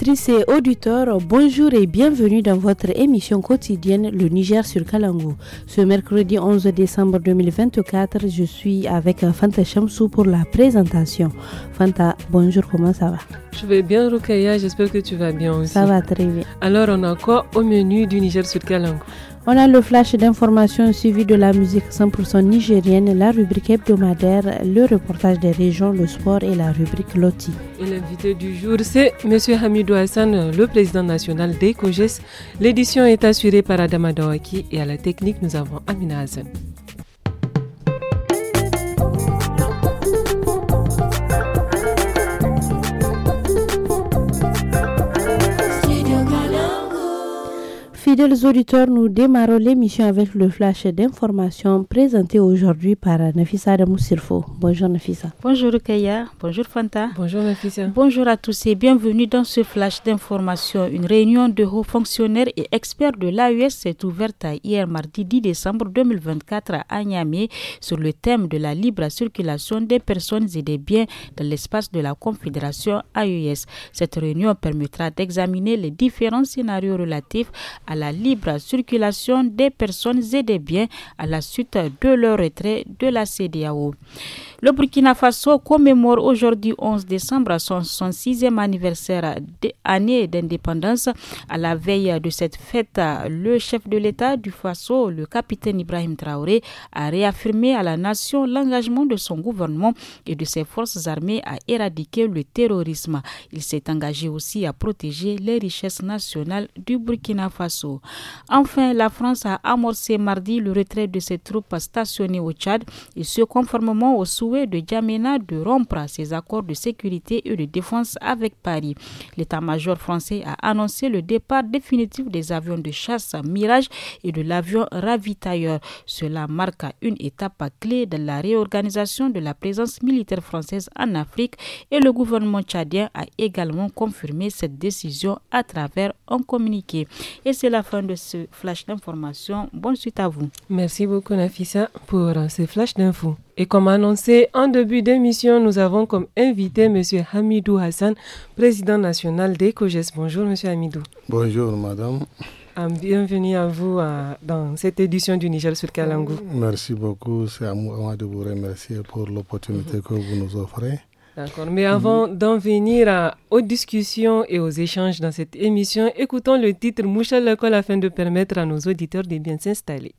Auditrices et auditeurs, bonjour et bienvenue dans votre émission quotidienne Le Niger sur Kalango. Ce mercredi 11 décembre 2024, je suis avec Fanta Chamsou pour la présentation. Fanta, bonjour, comment ça va Je vais bien, Rukaya, j'espère que tu vas bien aussi. Ça va très bien. Alors, on a quoi au menu du Niger sur Kalango on a le flash d'informations suivi de la musique 100% nigérienne, la rubrique hebdomadaire, le reportage des régions, le sport et la rubrique Loti. Et l'invité du jour, c'est M. Hamidou Hassan, le président national des L'édition est assurée par Adama Dawaki et à la technique, nous avons Amina Hassan. les auditeurs, nous démarrons l'émission avec le flash d'information présenté aujourd'hui par Nafisa Adamoussirfo. Bonjour Nafisa. Bonjour Kaya. Bonjour Fanta. Bonjour Nafisa. Bonjour à tous et bienvenue dans ce flash d'information. Une réunion de hauts fonctionnaires et experts de l'AES s'est ouverte hier mardi 10 décembre 2024 à Niamey sur le thème de la libre circulation des personnes et des biens dans l'espace de la Confédération AES. Cette réunion permettra d'examiner les différents scénarios relatifs à la libre circulation des personnes et des biens à la suite de leur retrait de la CDAO. Le Burkina Faso commémore aujourd'hui 11 décembre son, sixième anniversaire d'année d'indépendance. À la veille de cette fête, le chef de l'État du Faso, le capitaine Ibrahim Traoré, a réaffirmé à la nation l'engagement de son gouvernement et de ses forces armées à éradiquer le terrorisme. Il s'est engagé aussi à protéger les richesses nationales du Burkina Faso. Enfin, la France a amorcé mardi le retrait de ses troupes stationnées au Tchad et ce conformément au sous de Djamena de rompre ses accords de sécurité et de défense avec Paris. L'état-major français a annoncé le départ définitif des avions de chasse Mirage et de l'avion ravitailleur. Cela marque une étape clé de la réorganisation de la présence militaire française en Afrique et le gouvernement tchadien a également confirmé cette décision à travers un communiqué. Et c'est la fin de ce flash d'information. Bonne suite à vous. Merci beaucoup Nafisa pour ce flash d'infos. Et comme annoncé en début d'émission, nous avons comme invité M. Hamidou Hassan, président national des Bonjour M. Hamidou. Bonjour Madame. Ah, bienvenue à vous euh, dans cette édition du Niger sur Kalangou. Merci beaucoup. C'est à moi de vous remercier pour l'opportunité mhm. que vous nous offrez. D'accord. Mais avant mhm. d'en venir aux discussions et aux échanges dans cette émission, écoutons le titre Mouchal l'école afin de permettre à nos auditeurs de bien s'installer.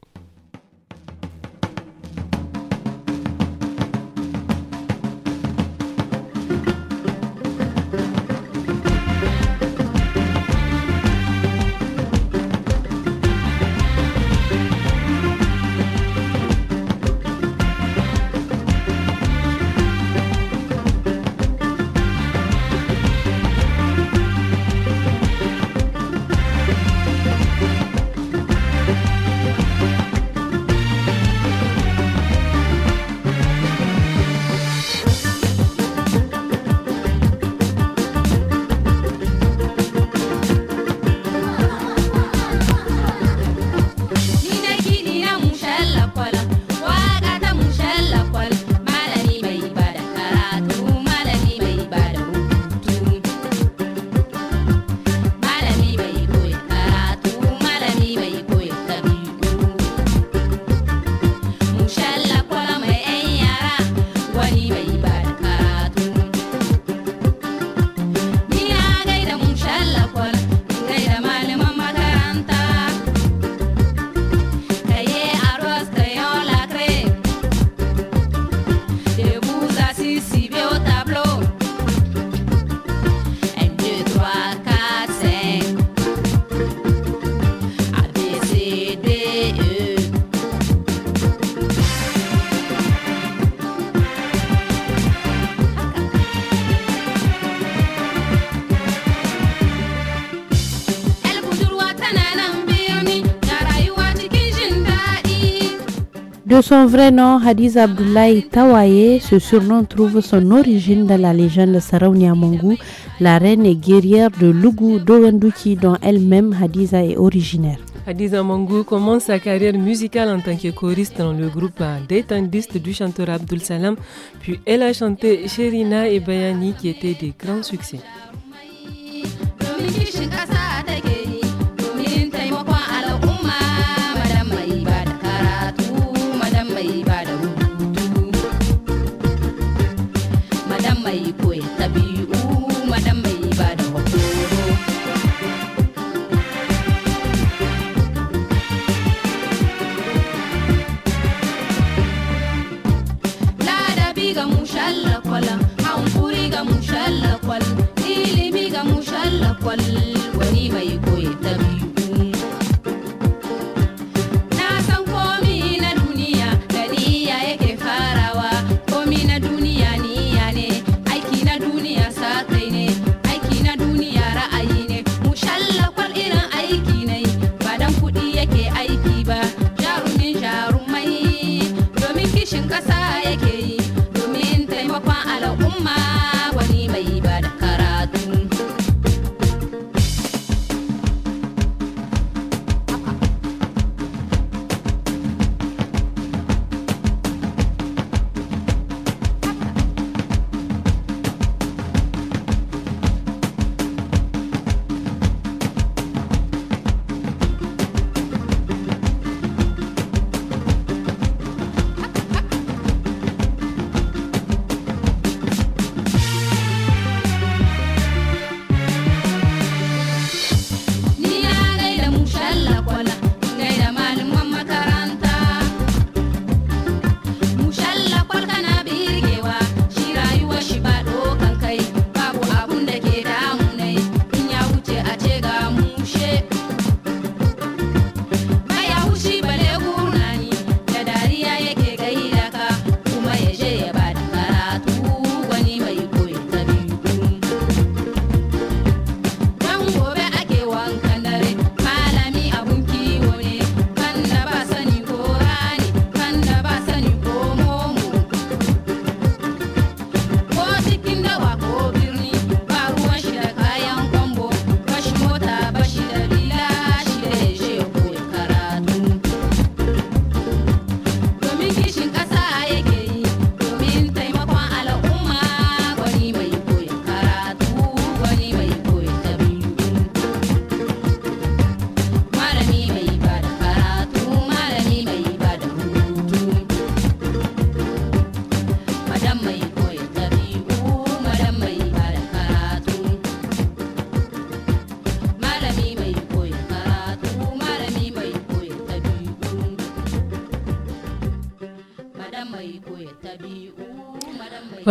son vrai nom, Hadiza Abdoulaye Tawaye, ce surnom trouve son origine dans la légende saraunia Mangou, la reine et guerrière de Lugu dowanduki dont elle-même Hadiza est originaire. Hadiza Mangou commence sa carrière musicale en tant que choriste dans le groupe détendiste du chanteur Abdul Salam, puis elle a chanté Sherina et Bayani qui étaient des grands succès.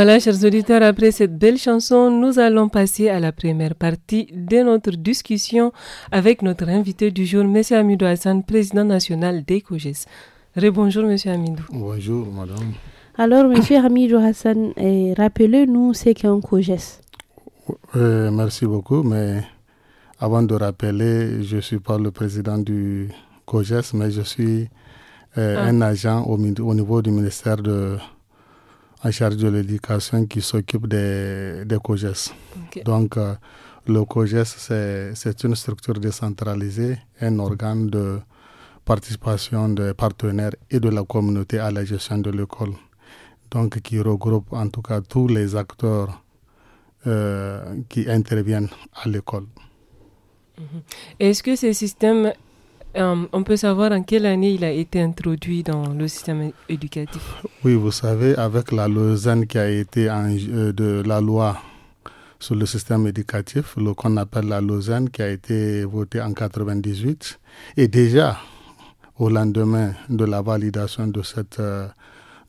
Voilà, chers auditeurs, après cette belle chanson, nous allons passer à la première partie de notre discussion avec notre invité du jour, M. Amidou Hassan, président national des COGES. Rebonjour, M. Amidou. Bonjour, madame. Alors, M. Amidou Hassan, eh, rappelez-nous ce qu'est un COGES. Euh, merci beaucoup, mais avant de rappeler, je ne suis pas le président du COGES, mais je suis euh, ah. un agent au niveau du ministère de en charge de l'éducation qui s'occupe des, des COGES. Donc, euh, le COGES, c'est une structure décentralisée, un organe de participation des partenaires et de la communauté à la gestion de l'école. Donc, qui regroupe en tout cas tous les acteurs euh, qui interviennent à l'école. Est-ce que ces systèmes euh, on peut savoir en quelle année il a été introduit dans le système éducatif Oui, vous savez, avec la Lausanne qui a été en, euh, de la loi sur le système éducatif, le qu'on appelle la Lausanne, qui a été votée en 98, et déjà au lendemain de la validation de cette, euh,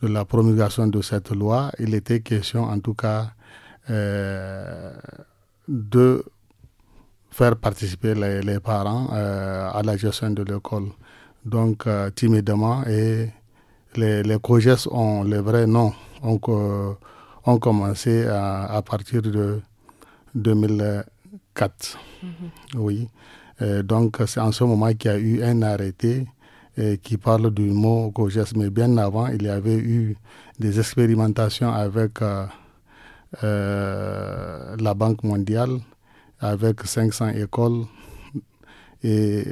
de la promulgation de cette loi, il était question, en tout cas, euh, de faire participer les, parents euh, à la gestion de l'école. Donc, euh, timidement, et les, les COGES ont le vrai nom, ont, ont commencé à, partir de 2004. Mm-hmm. Oui. donc, c'est en ce moment qu'il y a eu un arrêté euh, qui parle du mot COGES. Mais bien avant, il y avait eu des expérimentations avec la Banque mondiale avec 500 écoles et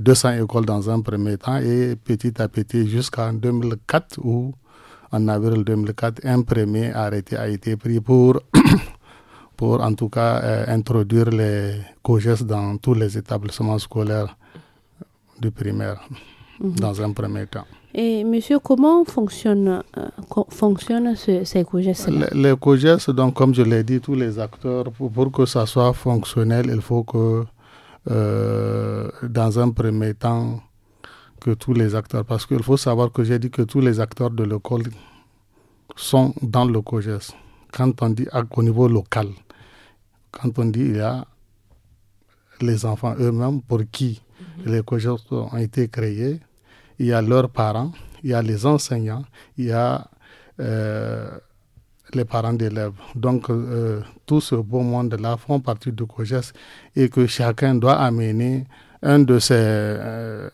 200 écoles dans un premier temps et petit à petit jusqu'en 2004 où en avril 2004 un premier arrêté a été pris pour pour en tout cas euh, introduire les COGES dans tous les établissements scolaires du primaire mhm. dans un premier temps. Et monsieur, comment fonctionne, euh, fonctionne ce, ces COGES Les, COGES, donc, comme je l'ai dit, tous les acteurs, pour, que ça soit fonctionnel, il faut que, euh, dans un premier temps, que tous les acteurs, parce qu'il faut savoir que j'ai dit que tous les acteurs de l'école sont dans le COGES. Quand on dit au niveau local, quand on dit il y a les enfants eux-mêmes pour qui mm-hmm. les COGES ont été créés, il y a leurs parents, il y a les enseignants, il y a euh, les parents d'élèves. Donc, euh, tout ce beau monde-là font partie du COGES et que chacun doit amener un de ses, euh,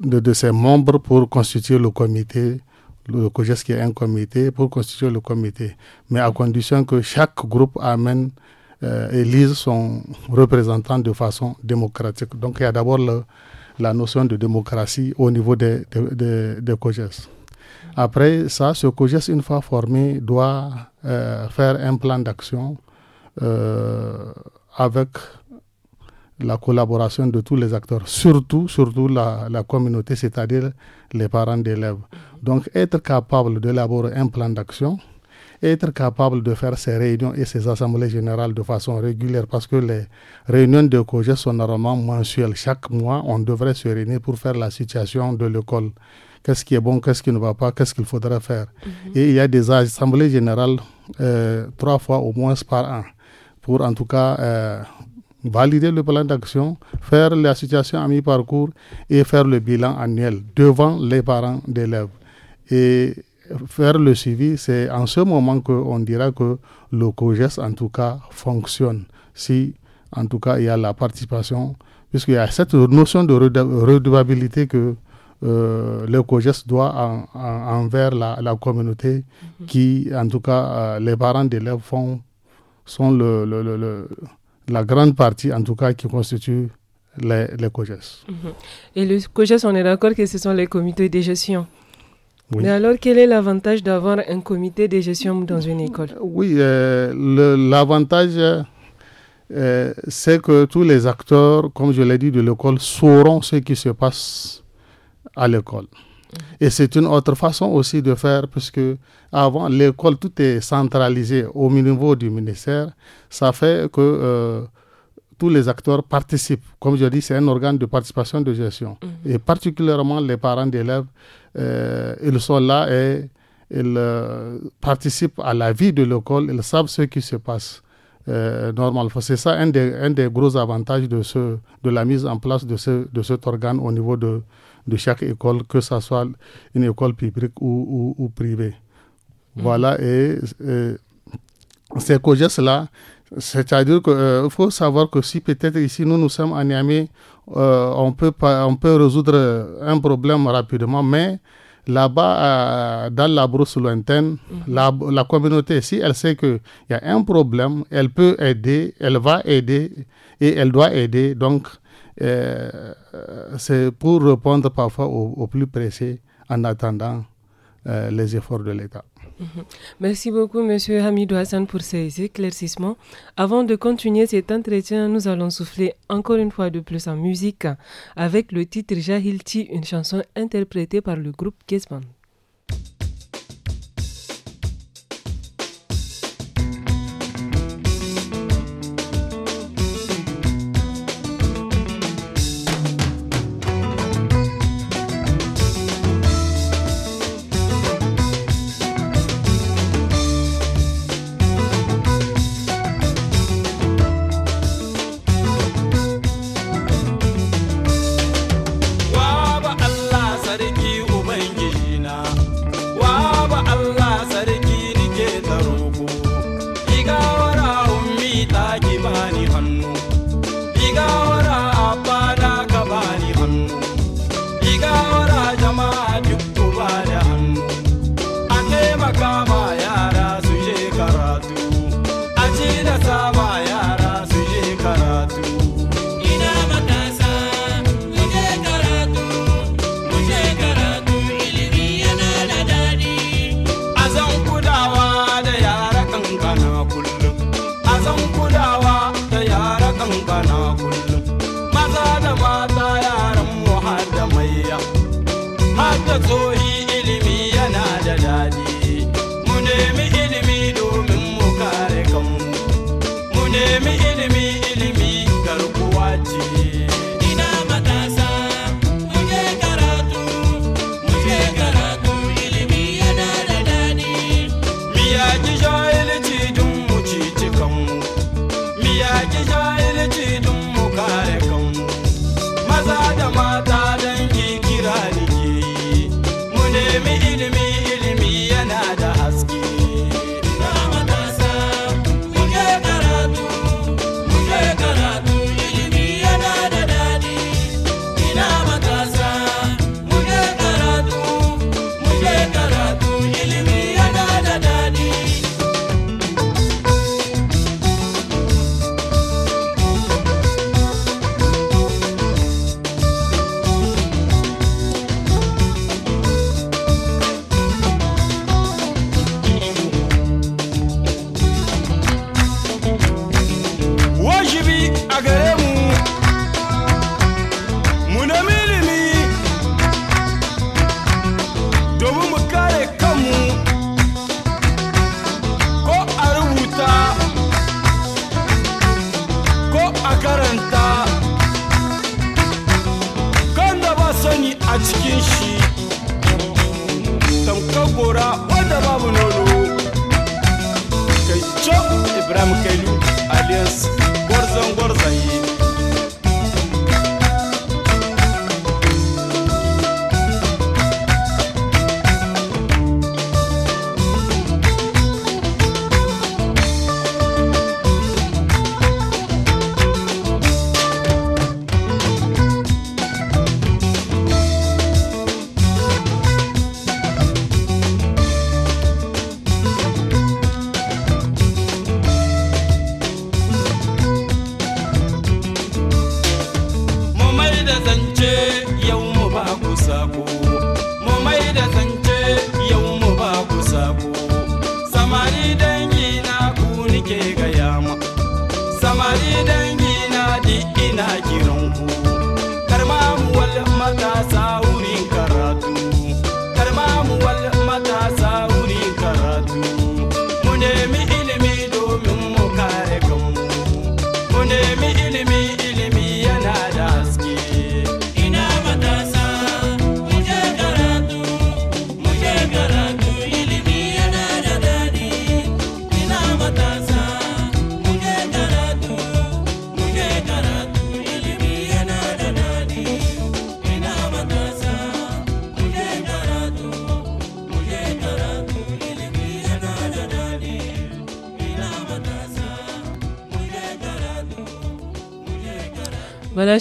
de, ses membres pour constituer le comité. Le COGES qui est un comité pour constituer le comité, mais à condition que chaque groupe amène élise son représentant de façon démocratique. Donc il y a d'abord le, la notion de démocratie au niveau des, des, COGES. Après ça, ce COGES, une fois formé, doit euh, faire un plan d'action euh, avec la collaboration de tous les acteurs, surtout, surtout la, la communauté, c'est-à-dire les parents d'élèves. Donc, être capable d'élaborer un plan d'action, être capable de faire ses réunions et ses assemblées générales de façon régulière parce que les réunions de projet sont normalement mensuelles. Chaque mois, on devrait se réunir pour faire la situation de l'école. Qu'est-ce qui est bon, qu'est-ce qui ne va pas, qu'est-ce qu'il faudrait faire. Mhm. Et il y a des assemblées générales euh, trois fois au moins par an pour en tout cas euh, valider le plan d'action, faire la situation à mi-parcours et faire le bilan annuel devant les parents d'élèves. Et faire le suivi, c'est en ce moment qu'on dira que le COGES, en tout cas, fonctionne. Si, en tout cas, il y a la participation, puisqu'il y a cette notion de redevabilité que euh, le COGES doit envers la, communauté, mhm. qui, en tout cas, euh, les parents d'élèves font, sont le, la grande partie, en tout cas, qui constitue les, les COGES. Mhm. Et le COGES, on est d'accord que ce sont les comités de gestion mais alors, quel est l'avantage d'avoir un comité de gestion dans une école Oui, euh, l'avantage, euh, c'est que tous les acteurs, comme je l'ai dit, de l'école sauront ce qui se passe à l'école. Mhm. Et c'est une autre façon aussi de faire, puisque avant l'école, tout est centralisé au niveau du ministère. Ça fait que euh, tous les acteurs participent. Comme je dis, c'est un organe de participation de gestion. Mhm. Et particulièrement les parents d'élèves, euh, ils sont là et ils euh, participent à la vie de l'école, ils savent ce qui se passe. Euh, normal. C'est ça un des, un des, gros avantages de, ce, de la mise en place de, de cet organe au niveau de, de chaque école, que ce soit une école publique ou, privée. Mhm. Voilà, et, et ces gestes là c'est-à-dire qu'il euh, faut savoir que si peut-être ici nous nous sommes animés, euh, on, peut pas, on peut résoudre un problème rapidement, mais là-bas, dans la brousse lointaine, mhm. la, communauté, si elle sait qu'il y a un problème, elle peut aider, elle va aider et elle doit aider. Donc, euh, c'est pour répondre parfois au plus pressé en attendant les efforts de l'État. Mhm. Merci beaucoup, Monsieur Hamidou Hassan, pour ces éclaircissements. Avant de continuer cet entretien, nous allons souffler encore une fois de plus en musique avec le titre Jahilti, une chanson interprétée par le groupe Kesman.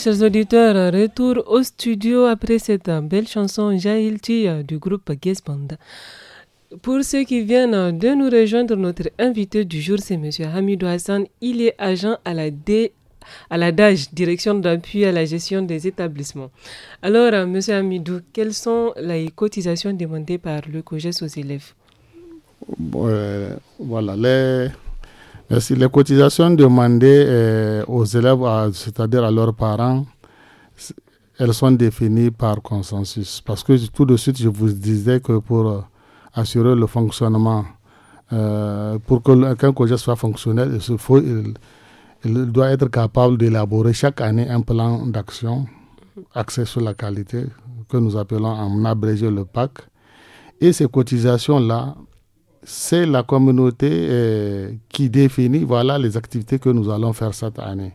chers auditeurs, retour au studio après cette belle chanson Tia du groupe Guesband Pour ceux qui viennent de nous rejoindre, notre invité du jour, c'est M. Hamidou Hassan. Il est agent à la D à la Direction d'appui à la gestion des établissements. Alors, M. Hamidou quelles sont les cotisations demandées par le COGES aux élèves euh, Voilà, les, Merci. Les cotisations demandées euh, aux élèves, c'est-à-dire à leurs parents, elles sont définies par consensus. Parce que tout de suite, je vous disais que pour euh, assurer le fonctionnement, euh, pour qu'un projet soit fonctionnel, il, il doit être capable d'élaborer chaque année un plan d'action axé sur la qualité, que nous appelons en abrégé le PAC. Et ces cotisations-là, c'est la communauté euh, qui définit, voilà les activités que nous allons faire cette année.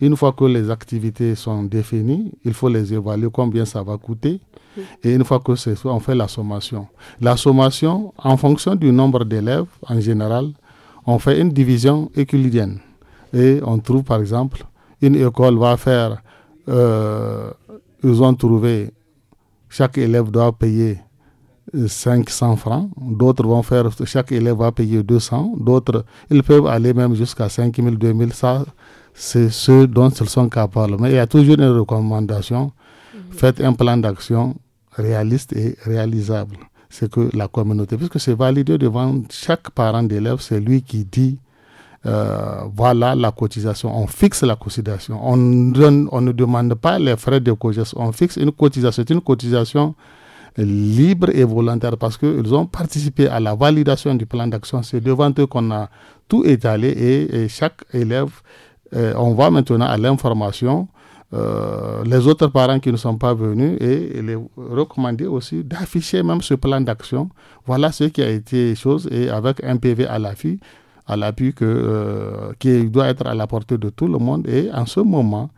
Une fois que les activités sont définies, il faut les évaluer, combien ça va coûter. Et une fois que c'est soit on fait la sommation. La sommation, en fonction du nombre d'élèves, en général, on fait une division euclidienne. Et on trouve, par exemple, une école va faire, euh, ils ont trouvé, chaque élève doit payer 500 francs, d'autres vont faire, chaque élève va payer 200, d'autres, ils peuvent aller même jusqu'à 5000, 2000, ça, c'est ceux dont ils sont capables. Mais il y a toujours une recommandation, mhm. faites un plan d'action réaliste et réalisable. C'est que la communauté, puisque c'est validé devant chaque parent d'élève, c'est lui qui dit, euh, voilà la cotisation, on fixe la cotisation, on, donne, on ne demande pas les frais de cotisation, on fixe une cotisation, c'est une cotisation libre et volontaires, parce qu'ils ont participé à la validation du plan d'action. C'est devant eux qu'on a tout étalé et, chaque élève, euh, on va maintenant à l'information. Euh, les autres parents qui ne sont pas venus et, les recommander aussi d'afficher même ce plan d'action. Voilà ce qui a été chose et avec un PV à l'appui, à l'appui que, euh, qui doit être à la portée de tout le monde. Et en ce moment,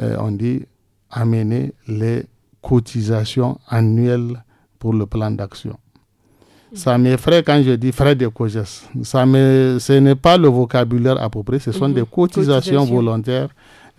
on dit amener les cotisation annuelle pour le plan d'action. Mm. Ça m'effraie quand je dis frais de COGES. Ça ce n'est pas le vocabulaire approprié, ce sont mm-hmm. des cotisations volontaires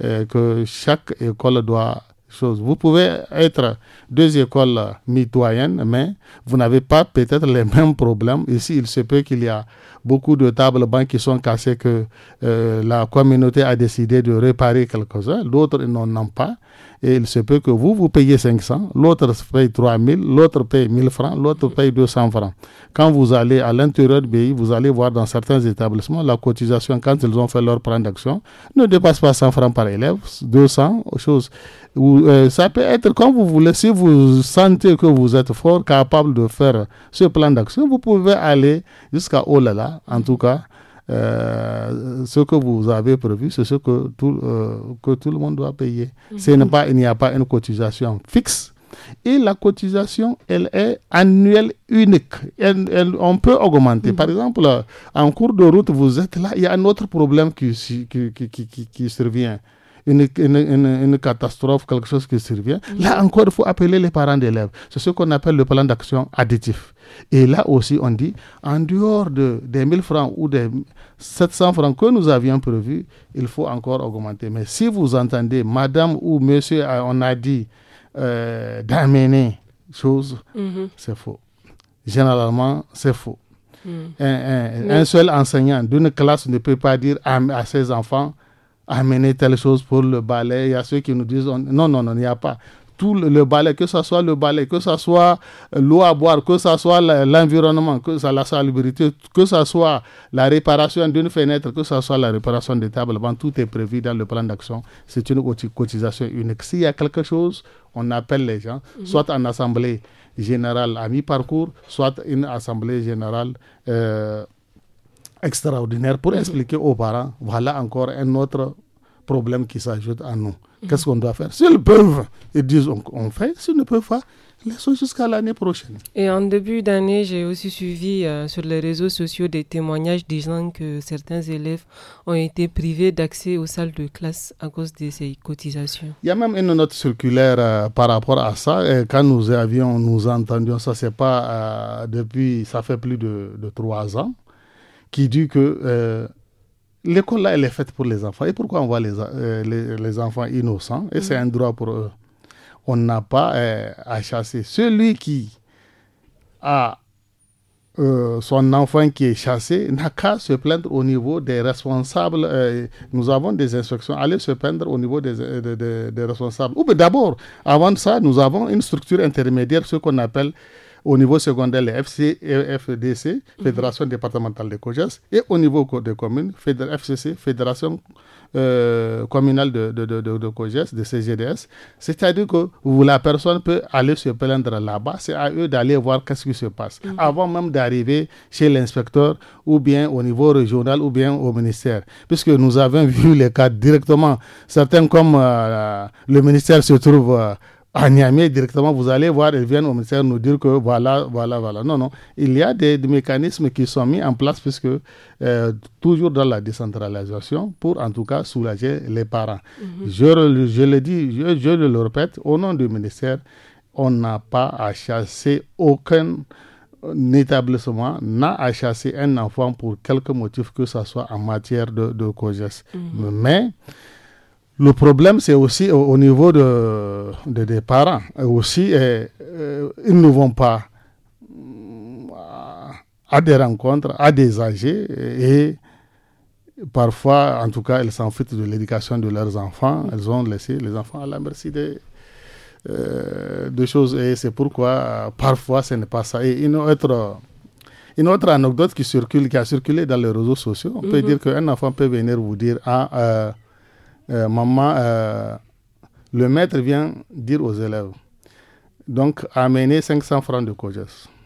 euh, que chaque école doit chose. Vous pouvez être deux écoles mitoyennes, mais vous n'avez pas peut-être les mêmes problèmes. Ici, il se peut qu'il y a beaucoup de tables bancs qui sont cassées que euh, la communauté a décidé de réparer quelques-uns. D'autres n'en ont pas. Et il se peut que vous, vous payez 500, l'autre paye 3000, l'autre paye 1000 francs, l'autre paye 200 francs. Quand vous allez à l'intérieur du pays, vous allez voir dans certains établissements, la cotisation, quand ils ont fait leur plan d'action, ne dépasse pas 100 francs par élève, 200, choses. Où, euh, ça peut être comme vous voulez. Si vous sentez que vous êtes fort, capable de faire ce plan d'action, vous pouvez aller jusqu'à oh là en tout cas euh, ce que vous avez prévu, c'est ce que tout, euh, que tout le monde doit payer. Mhm. pas, il n'y a pas une cotisation fixe. Et la cotisation, elle est annuelle unique. on peut augmenter. Mhm. Par exemple, en cours de route, vous êtes là, il y a un autre problème qui, qui, qui, qui survient une, catastrophe, quelque chose qui survient, mm. là encore, il faut appeler les parents d'élèves. C'est ce qu'on appelle le plan d'action additif. Et là aussi, on dit, en dehors de, des 1000 francs ou des 700 francs que nous avions prévus, il faut encore augmenter. Mais si vous entendez, madame ou monsieur, on a dit euh, d'amener chose, mm-hmm. c'est faux. Généralement, c'est faux. Mm. Un, seul enseignant d'une classe ne peut pas dire à, à ses enfants, amener telle chose pour le ballet. Il y a ceux qui nous disent non, non, non, il n'y a pas. Tout le, ballet, que ce soit le ballet, que ce soit euh, l'eau à boire, que ce soit l'environnement, que ce soit la salubrité, que ce soit la réparation d'une fenêtre, que ce soit la réparation des tables, tout est prévu dans le plan d'action. C'est une cotisation unique. S'il y a quelque chose, on appelle les gens, mhm. soit en assemblée générale à mi-parcours, soit une assemblée générale. Euh, extraordinaire pour mhm. expliquer aux parents, voilà encore un autre problème qui s'ajoute à nous. Qu'est-ce qu'on doit faire S'ils peuvent, ils disent on, fait. S'ils ne peuvent pas, laissons jusqu'à l'année prochaine. Et en début d'année, j'ai aussi suivi euh, sur les réseaux sociaux des témoignages disant que certains élèves ont été privés d'accès aux salles de classe à cause de ces cotisations. Il y a même une note circulaire euh, par rapport à ça. Et quand nous avions, nous entendions ça, c'est pas euh, depuis, ça fait plus de, de trois ans qui dit que euh, l'école là, elle est faite pour les enfants. Et pourquoi on voit les, euh, les, enfants innocents Et c'est mm. un droit pour eux. On n'a pas euh, à chasser. Celui qui a son enfant qui est chassé n'a qu'à se plaindre au niveau des responsables. nous avons des instructions. Allez se plaindre au niveau des, des, des, responsables. Ou d'abord, avant ça, nous avons une structure intermédiaire, ce qu'on appelle au niveau secondaire les FDC, Fédération départementale de COGES, et au niveau des communes, FCC, Fédération euh, communale de, de, COGES, de CGDS. C'est-à-dire que la personne peut aller se plaindre là-bas, c'est à eux d'aller voir qu'est-ce qui se passe, mm-hmm. avant même d'arriver chez l'inspecteur ou bien au niveau régional ou bien au ministère. Puisque nous avons vu les cas directement, certains comme euh, le ministère se trouve... Euh, à Niamey directement, vous allez voir, ils viennent au ministère nous dire que voilà, voilà, voilà. Non, non. Il y a des, mécanismes qui sont mis en place, puisque euh, toujours dans la décentralisation, pour en tout cas soulager les parents. Mhm. je, je, le dis, je, le répète, au nom du ministère, on n'a pas à chasser aucun établissement n'a à chasser un enfant pour quelque motif que ce soit en matière de, de mhm. Mais le problème, c'est aussi au, niveau de, des parents. Aussi, eh, eh, ils ne vont pas mm, à des rencontres, à des âgés, et parfois, en tout cas, ils s'en foutent de l'éducation de leurs enfants. Elles ont laissé les enfants à la merci euh, des, choses. Et c'est pourquoi, parfois, ce n'est pas ça. Et une autre, une autre anecdote qui, circule, qui a circulé dans les réseaux sociaux, on peut mhm. dire qu'un enfant peut venir vous dire Ah, euh, euh, maman, euh, le maître vient dire aux élèves, donc amenez 500 francs de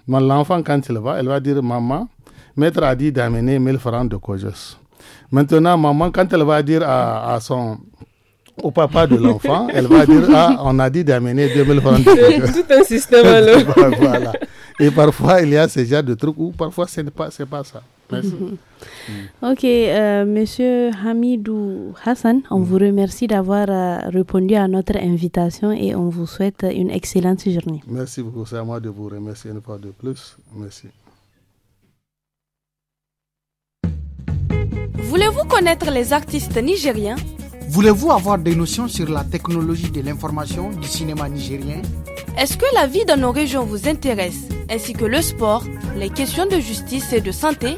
Mais L'enfant, quand il va, elle va dire, maman, maître a dit d'amener 1000 francs de COGES. Maintenant, maman, quand elle va dire à, son au papa de l'enfant, elle va dire Ah, on a dit d'amener 2000 francs. de Tout un système alors. Et parfois, il y a ce genre de trucs où parfois, ce n'est pas ça. Mm. Ok, euh, monsieur Hamidou Hassan, on mm. vous remercie d'avoir euh, répondu à notre invitation et on vous souhaite une excellente journée. Merci beaucoup, c'est à moi de vous remercier une fois de plus. Merci. Voulez-vous connaître les artistes nigériens Voulez-vous avoir des notions sur la technologie de l'information du cinéma nigérien Est-ce que la vie dans nos régions vous intéresse, ainsi que le sport, les questions de justice et de santé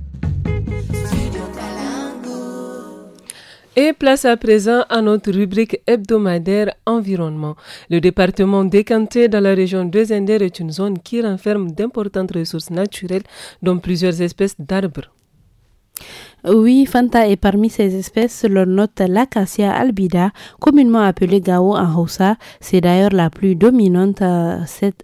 Et place à présent à notre rubrique hebdomadaire environnement. Le département décanté dans la région de Zender est une zone qui renferme d'importantes ressources naturelles, dont plusieurs espèces d'arbres. Oui, Fanta est parmi ces espèces, l'on note l'acacia albida, communément appelée gao en Hausa. C'est d'ailleurs la plus dominante euh,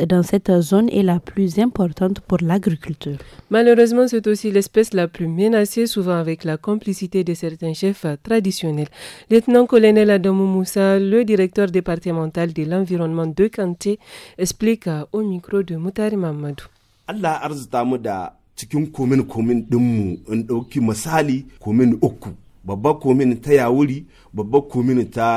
dans cette zone et la plus importante pour l'agriculture. Malheureusement, c'est aussi l'espèce la plus menacée, souvent avec la complicité de certains chefs traditionnels. Lieutenant-colonel Adamou Moussa, le directeur départemental de l'environnement de Kanté, explique euh, au micro de Moutari Mamadou. cikin komin komin ɗinmu in ɗauki misali komin uku babba komin ta yawuri babba komin ta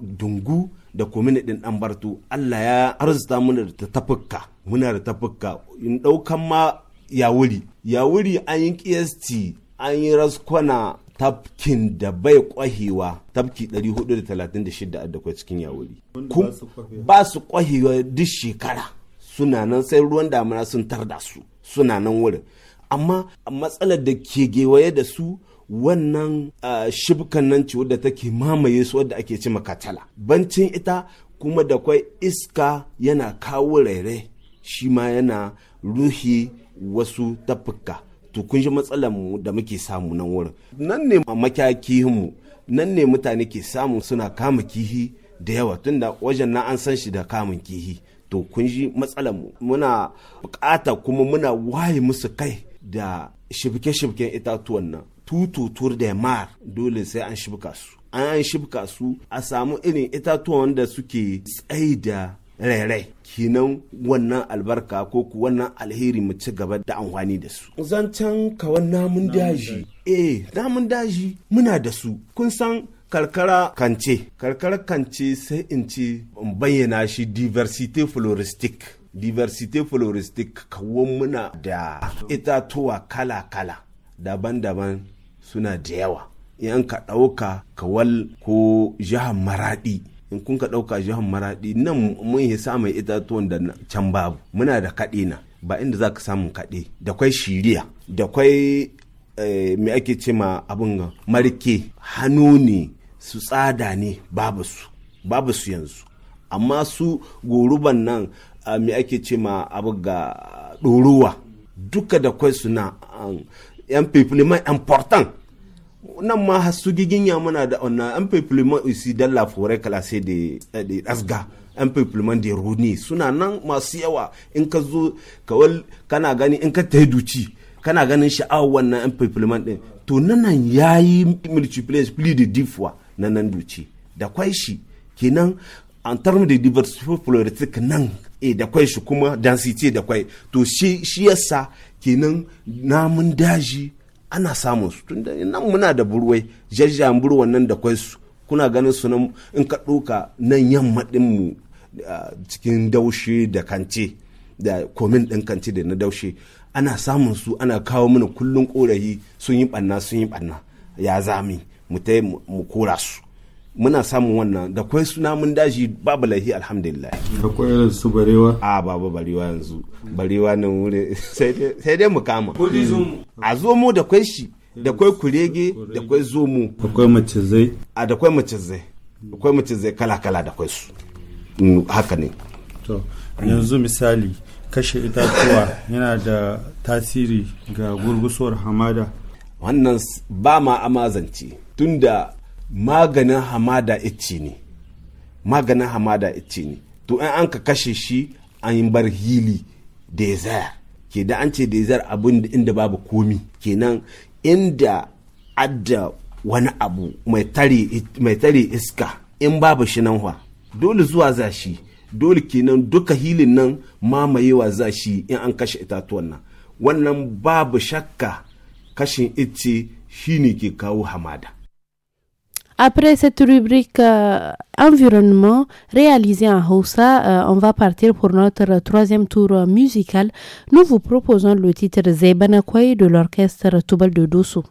dungu da komin ɗin dan bartu allah ya arzuta muna da tafukka muna da tafukka in ɗaukan ma yawuri yawuri an yi ƙiyasti an yi raskwana tafkin da bai kwahewa tafki 436 a dakwai cikin yawuri ba su kwahewa duk shekara suna nan sai ruwan damina sun tarda su suna nan wurin amma matsalar da ke gewaye da su wannan shibkan nan ciwo da take mamaye su wadda ake ci makatala bancin ita kuma da kwai iska yana kawo raire shi ma yana ruhi wasu tafuka to kun shi matsalar mu da muke samu nan wurin nan ne makakihinmu nan ne mutane ke samu suna kama kihi da yawa tunda wajen na an san shi da kamun kihi to kun ji matsalar mu muna bukata kuma muna waye musu kai da shibke-shibken itatuwan nan tututur da mar dole sai an shibka su an shibka su a samu irin itatuwan da suke tsayi da rairai kinan wannan albarka ko ku wannan alheri mu ci gaba da amfani da su zancen kawan namun daji eh namun daji muna da su kun san karkara kance karkara kance sai in ci bayyana shi diversité floristic diversité floristic kawo muna da itatuwa kala-kala daban-daban suna da yawa in ka ɗauka kawal ko jihar maraɗi in kun ka ɗauka jihar maraɗi nan mun yi samun itatuwan da can babu muna da kaɗe na ba inda za ka samun kaɗe da kwai shiriya da kwai eh, me ake ce ma abin marke hannu ne su tsada ne babu su babu su yanzu amma su goruban nan me ake ce ma abu ga ɗoruwa duka da kwai suna yan mai important nan ma su ya muna da ona yan peplima isi dalla fure kala sai da asga yan pepliman da roni suna nan masu yawa in ka zo kawal kana gani in ka ta duci kana ganin sha'awar wannan yan pepliman din to nan yayi multiplies pli de difwa na nan duci da kwai shi kenan an term de diversité politique nan e da kwai shi kuma density da kwai to shi shi yasa kenan namun daji ana samun su tunda nan muna da burwai jajjan burwan nan da kwai su kuna ganin su nan in ka ɗoka nan yamma mu cikin daushe da kance da komin ɗin kance da na daushe ana samun su ana kawo mana kullun korayi sun yi ɓanna sun yi ɓanna ya zami mu ta mu kora su muna samun wannan da kwai suna mun daji babu lahi alhamdulillah akwai irin su barewa a babu barewa yanzu barewa nan wuri sai dai mu kama a zo mu da kwai shi da kwai kurege da kwai zomo akwai macizai a da kwai macizai akwai macizai kala kala da kwai su mm, haka ne yanzu misali kashe itatuwa yana da tasiri ga gurgusuwar hamada wannan ba ma amazance tunda maganin hamada ice ne maganin hamada ice ne to in an ka kashe shi an yi bar hili desert ke da an ce desert abu inda babu komi kenan inda adda wani abu mai tare iska in babu shi nan dole zuwa za shi dole kenan duka hilin nan mamayewa shi in an kashe itatuwan nan wannan babu shakka kashin ice shine ke kawo hamada Après cette rubrique euh, environnement réalisée en Hausa, euh, on va partir pour notre troisième tour musical. Nous vous proposons le titre Zebanakwe de l'orchestre Toubal de Dosso.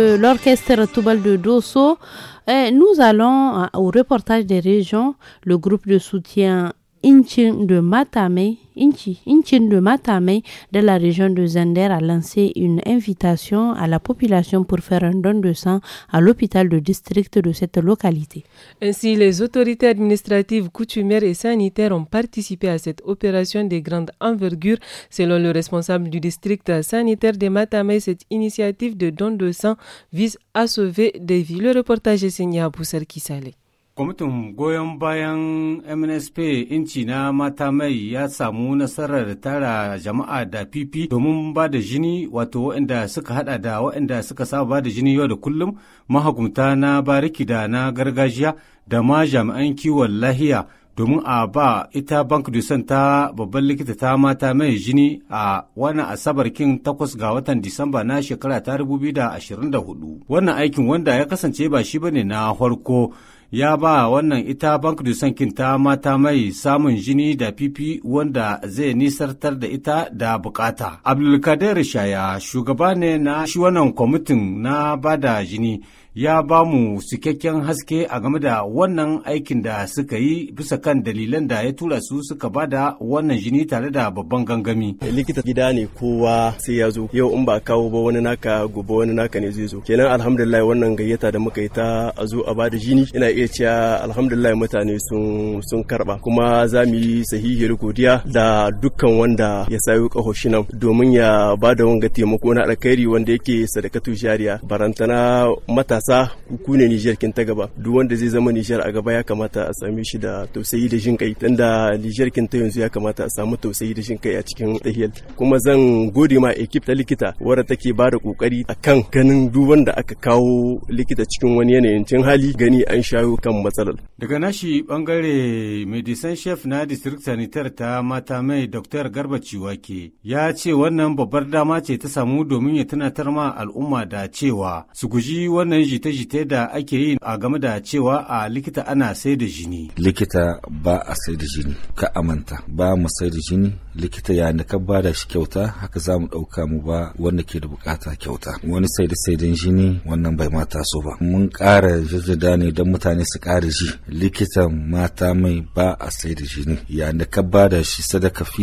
l'orchestre Toubal de Dosso. Et nous allons euh, au reportage des régions. Le groupe de soutien Inchin de Matame, Inchi, de Matame de la région de Zender a lancé une invitation à la population pour faire un don de sang à l'hôpital de district de cette localité. Ainsi, les autorités administratives, coutumières et sanitaires ont participé à cette opération de grande envergure. Selon le responsable du district sanitaire de Matame, cette initiative de don de sang vise à sauver des vies. Le reportage est signé à Boussar Kisale. Kwamitin goyon bayan MNSP inci na mata mai ya samu nasarar tara jama'a da pp domin ba da jini wato waɗanda suka hada da waɗanda suka saba ba da jini yau da kullum mahakumta na bariki da na gargajiya da ma jami'an kiwon lahiya domin a ba ita Bank Dusan ta babban likita ta mata mai jini a wannan asabar kin takwas ga watan Disamba na shekara ta 2024. Wannan aikin wanda ya kasance ba shi bane na farko. ya ba wannan ita Bank du Sankin ta mata mai samun jini da fifi wanda zai nisartar da ita da bukata. Abdulkadir Shaya shugaba ne na shi wannan kwamitin na bada jini ya ba mu cikakken haske a game da wannan aikin da suka yi bisa kan dalilan da ya tura su suka ba da wannan jini tare da babban gangami. Likita gida ne kowa sai ya zo yau in ba kawo ba wani naka gobe wani naka ne zai zo. Kenan alhamdulillah wannan gayyata da muka yi ta a zo a ba da jini ina iya cewa alhamdulillah mutane sun sun karba kuma za mu yi sahihiyar godiya da dukkan wanda ya sayo kahoshi nan domin ya ba da wanga taimako na alkhairi wanda yake sadakatu jariya barantana matasa kasa ku ne Nijar kin ta gaba duk wanda zai zama Nijar a gaba ya kamata a same shi da tausayi da jin kai tunda Nijar kin ta yanzu ya kamata a samu tausayi da jin kai a cikin tahiyal kuma zan gode ma ekip ta likita wadda take ba da kokari akan ganin duk wanda aka kawo likita cikin wani yanayin cin hali gani an shayo kan matsalar daga nashi bangare medicine chef na district sanitar ta mata mai dr garba ciwake ya ce wannan babbar dama ce ta samu domin ya tunatar ma al'umma da cewa su guji wannan jita-jita da ake yi a game da cewa a likita ana sai da jini. Likita ba a sai da jini, ka amanta ba mu sai da jini, likita ya ka ba da shi kyauta haka za mu ɗauka mu ba wanda ke da bukata kyauta. Wani sai da sai jini wannan bai mata so ba. Mun ƙara jirgida ne don mutane su ƙara ji. Likitan mata mai ba a sai da jini, ya ka ba da shi sadaka fi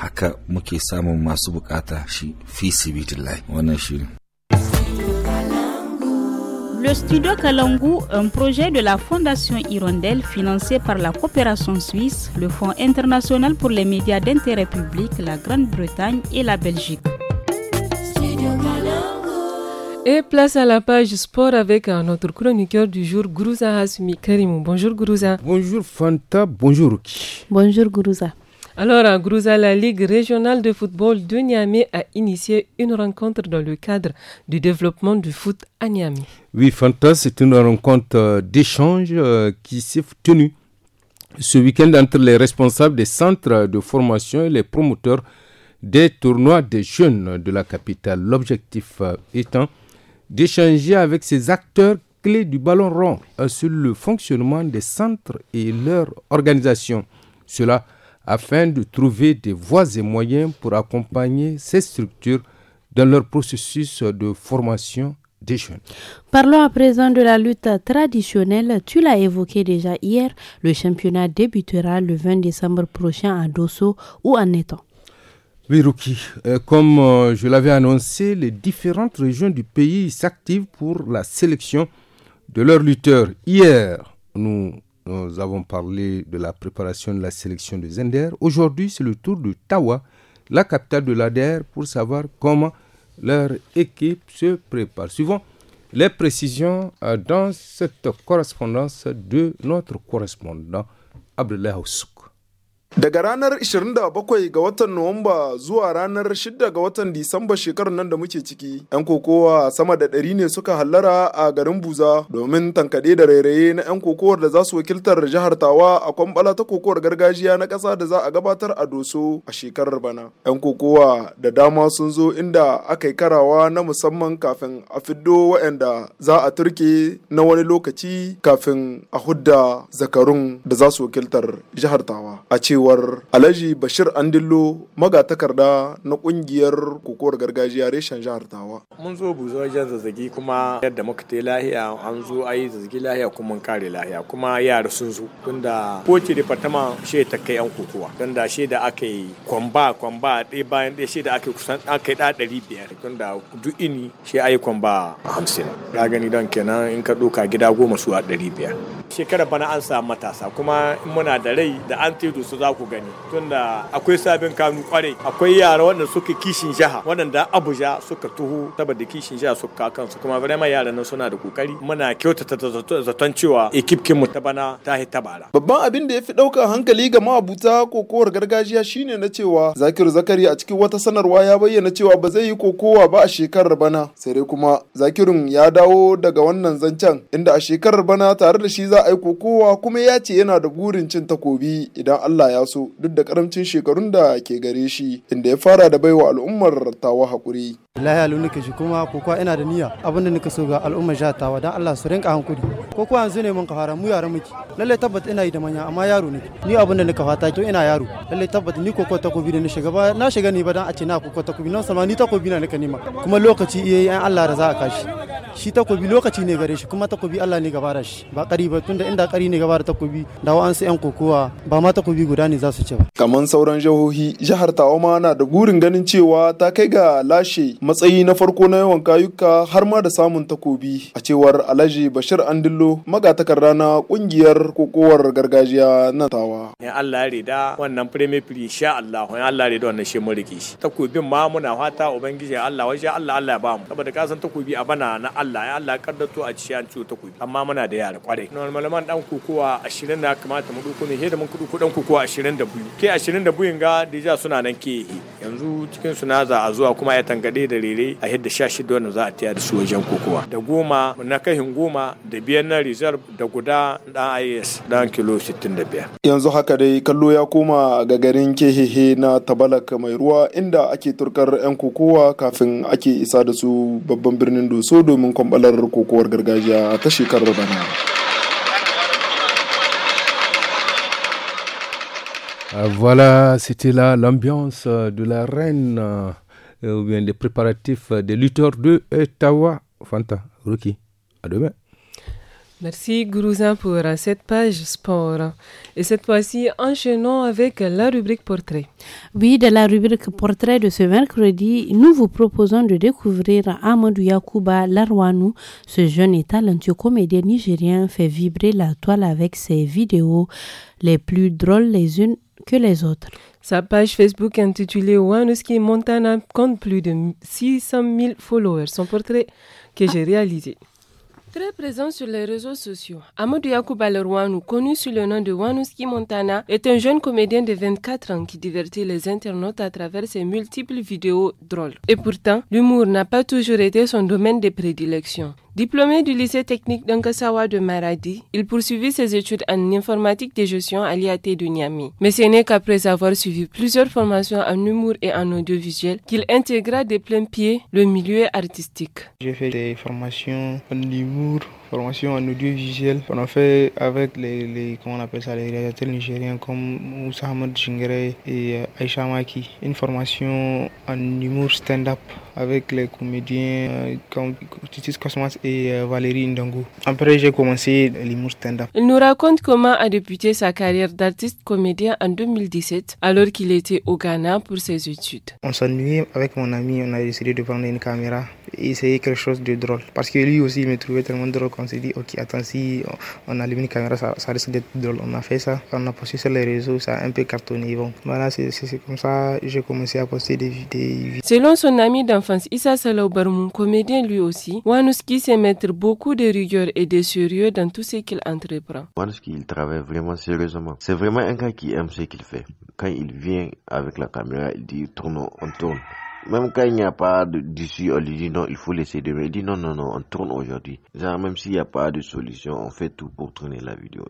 haka muke samun masu bukata shi fi wannan shi Le studio Kalangu, un projet de la Fondation Hirondelle financé par la coopération suisse, le Fonds international pour les médias d'intérêt public, la Grande-Bretagne et la Belgique. Et place à la page sport avec notre chroniqueur du jour, Guruza Hasumi Karimou. Bonjour Guruza. Bonjour Fanta, bonjour Bonjour Guruza. Alors, à Grouza, la Ligue régionale de football de Niamey a initié une rencontre dans le cadre du développement du foot à Niamey. Oui, Fanta, c'est une rencontre euh, d'échange euh, qui s'est tenue ce week-end entre les responsables des centres de formation et les promoteurs des tournois des jeunes de la capitale. L'objectif euh, étant d'échanger avec ces acteurs clés du ballon rond sur le fonctionnement des centres et leur organisation. Cela afin de trouver des voies et moyens pour accompagner ces structures dans leur processus de formation des jeunes. Parlons à présent de la lutte traditionnelle. Tu l'as évoqué déjà hier. Le championnat débutera le 20 décembre prochain à Dosso. ou en étant euh, comme euh, je l'avais annoncé, les différentes régions du pays s'activent pour la sélection de leurs lutteurs. Hier, nous nous avons parlé de la préparation de la sélection de Zender. Aujourd'hui, c'est le tour de Tawa, la capitale de l'ADR, pour savoir comment leur équipe se prépare. Suivons les précisions euh, dans cette correspondance de notre correspondant, Abdullah Daga ranar 27 ga watan Nuwamba zuwa ranar 6 ga watan Disamba shekarar nan da muke ciki, 'yan kokowa sama da ɗari ne suka hallara a garin Buza domin tankade da rairaye na 'yan kokowar da za su wakiltar jihar Tawa a kwambala ta kokowar gargajiya na ƙasa da za a gabatar a Doso a shekarar bana. 'Yan kokowa da dama sun zo inda aka yi karawa na musamman kafin a fiddo waɗanda za a turke na wani lokaci kafin a hudda zakarun da za su wakiltar jihar Tawa. A ce cewar Alhaji Bashir Andillo magatakarda na kungiyar kokowar gargajiya reshen jihar Tawa. Mun zo buzo wajen zazzagi kuma yadda muka ta lahiya an zo ayi zazzagi lahiya kuma mun kare lahiya kuma yara sun zo tunda koci fatama she ta kai an kokowa tunda she da aka yi kwamba kwamba ɗaya bayan ɗaya she da aka yi kusan aka yi ɗa ɗari biyar tunda duk ini she ayi kwamba hamsin. Ka gani don kenan in ka ɗoka gida goma su a ɗari biyar. Shekara bana an samu matasa kuma muna da rai da an su za za ku gani tunda akwai sabin kanu kwarai akwai yara wanda suka kishin jaha waɗanda abuja suka tuhu saboda kishin jaha suka kansu kuma mai yaran suna da kokari muna kyautata zaton cewa ekipkin mu ta bana ta hita bara babban abin da ya fi ɗaukar hankali ga mabuta kokowar gargajiya shine na cewa zakiru zakari a cikin wata sanarwa ya bayyana cewa ba zai yi kokowa ba a shekarar bana sai dai kuma zakirun ya dawo daga wannan zancen inda a shekarar bana tare da shi za a yi kokowa kuma ya ce yana da burin cin takobi idan allah ya sanyaya su duk da karamcin shekarun da ke gare shi inda ya fara da baiwa al'ummar tawa hakuri. Lahi alu nake shi kuma kokuwa ina da niyya abinda nika so ga al'ummar jihar tawa don Allah su rinka hankuri. Kokuwa yanzu ne mun ka fara mu yaran miki Lalle tabbat ina yi da manya amma yaro ne. Ni abinda nika fata to ina yaro. Lalle tabbat ni koko ta takobi da ni shiga ba na shiga ne ba dan a ce na koko ta takobi nan sama ni ta takobi na nika nima Kuma lokaci iya an Allah da za a kashi. Shi takobi lokaci ne gare shi kuma takobi Allah ne gabara shi ba kari ba tunda inda kari ne gabara da takobi da wa'ansu yan kokowa ba ma takobi guda bayani za su ce ba. Kamar sauran jihohi, jihar Tawama na da gurin ganin cewa ta kai ga lashe matsayi na farko na yawan kayuka har ma da samun takobi. A cewar Alhaji Bashir Andillo, magatakar rana kungiyar kokowar gargajiya na Tawa. In Allah ya rida wannan Premier Prix sha Allah, in Allah ya rida wannan shi mun shi. Takobin ma muna fata Ubangiji Allah wa sha Allah Allah ya ba mu. Saboda ka san takobi a bana na Allah, ya Allah kaddato a ciyan ciwo takobi. Amma muna da yara kwarai. man dan kokowa 20 na kamata mu duko ne, he da mun kudu kudan kokowa 20. ashirin da biyu ke ashirin da biyun ga deja suna nan ke yanzu cikin suna za a zuwa kuma ya tangade da rere a yadda sha shida wannan za a tiya da su wajen kokowa da goma na kahin goma da biyan na reserve da guda dan is dan kilo sittin yanzu haka dai kallo ya koma ga garin kehehe na tabalaka mai ruwa inda ake turkar yan kokowa kafin ake isa da su babban birnin doso domin kwambalar kokowar gargajiya ta shekarar bana. Euh, voilà, c'était là l'ambiance euh, de la reine euh, ou bien des préparatifs des lutteurs de Ottawa. Fanta, Ruki, à demain. Merci Gourouza pour cette page sport. Et cette fois-ci, enchaînons avec la rubrique portrait. Oui, de la rubrique portrait de ce mercredi, nous vous proposons de découvrir Amadou Yakuba Larwanou. Ce jeune et talentueux comédien nigérien fait vibrer la toile avec ses vidéos les plus drôles les unes que les autres. Sa page Facebook intitulée Wanuski Montana compte plus de 600 000 followers. Son portrait que j'ai réalisé. Très présent sur les réseaux sociaux, Amadou Yakouba Lerwanou, connu sous le nom de Wanuski Montana, est un jeune comédien de 24 ans qui divertit les internautes à travers ses multiples vidéos drôles. Et pourtant, l'humour n'a pas toujours été son domaine de prédilection. Diplômé du lycée technique d'Angasawa de Maradi, il poursuivit ses études en informatique de gestion à l'IAT de Niamey. Mais ce n'est qu'après avoir suivi plusieurs formations en humour et en audiovisuel qu'il intégra de plein pied le milieu artistique. J'ai fait des formations en humour, formation en audiovisuel qu'on a fait avec les, les, comment on appelle ça, les réalisateurs nigériens comme Moussa Hamad Jingere et euh, Aisha Maki. Une formation en humour stand-up avec les comédiens euh, comme Titus Cosmas et euh, Valérie Ndongo. Après, j'ai commencé l'humour stand-up. Il nous raconte comment a débuté sa carrière d'artiste comédien en 2017 alors qu'il était au Ghana pour ses études. On s'ennuyait avec mon ami, on a décidé de prendre une caméra et essayer quelque chose de drôle parce que lui aussi il me trouvait tellement drôle on s'est dit, ok, attends, si on, allume une caméra, ça, risque d'être drôle. On a fait ça. on a posté sur les réseaux, ça a un peu cartonné. Bon, voilà, c'est comme ça j'ai commencé à poster des vidéos. Selon son ami d'enfance, Issa Salou Baroum, comédien lui aussi, Wanouski sait mettre beaucoup de rigueur et de sérieux dans tout ce qu'il entreprend. Wanuski, il travaille vraiment sérieusement. C'est vraiment un gars qui aime ce qu'il fait. Quand il vient avec la caméra, il dit tourne, on tourne. Même quand il n'y a pas d'issue, on lui dit non, il faut laisser demain. Il dit non, non, non, on tourne aujourd'hui. Genre, même s'il n'y a pas de solution, on fait tout pour tourner la vidéo.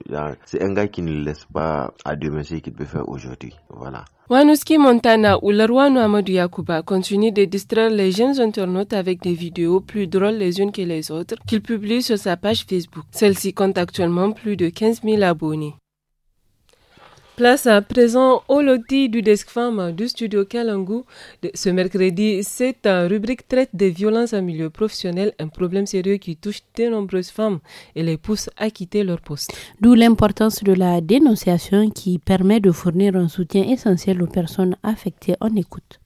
c'est un gars qui ne laisse pas à demain ce qu'il peut faire aujourd'hui. Voilà. Wanuski Montana ou roi Amadou Yakuba continue de distraire les jeunes internautes avec des vidéos plus drôles les unes que les autres qu'il publie sur sa page Facebook. Celle-ci compte actuellement plus de 15 000 abonnés. Place à présent au loti du Desk Femme du studio Kalangu. Ce mercredi, cette euh, rubrique traite des violences en milieu professionnel, un problème sérieux qui touche de nombreuses femmes et les pousse à quitter leur poste. D'où l'importance de la dénonciation qui permet de fournir un soutien essentiel aux personnes affectées. en écoute.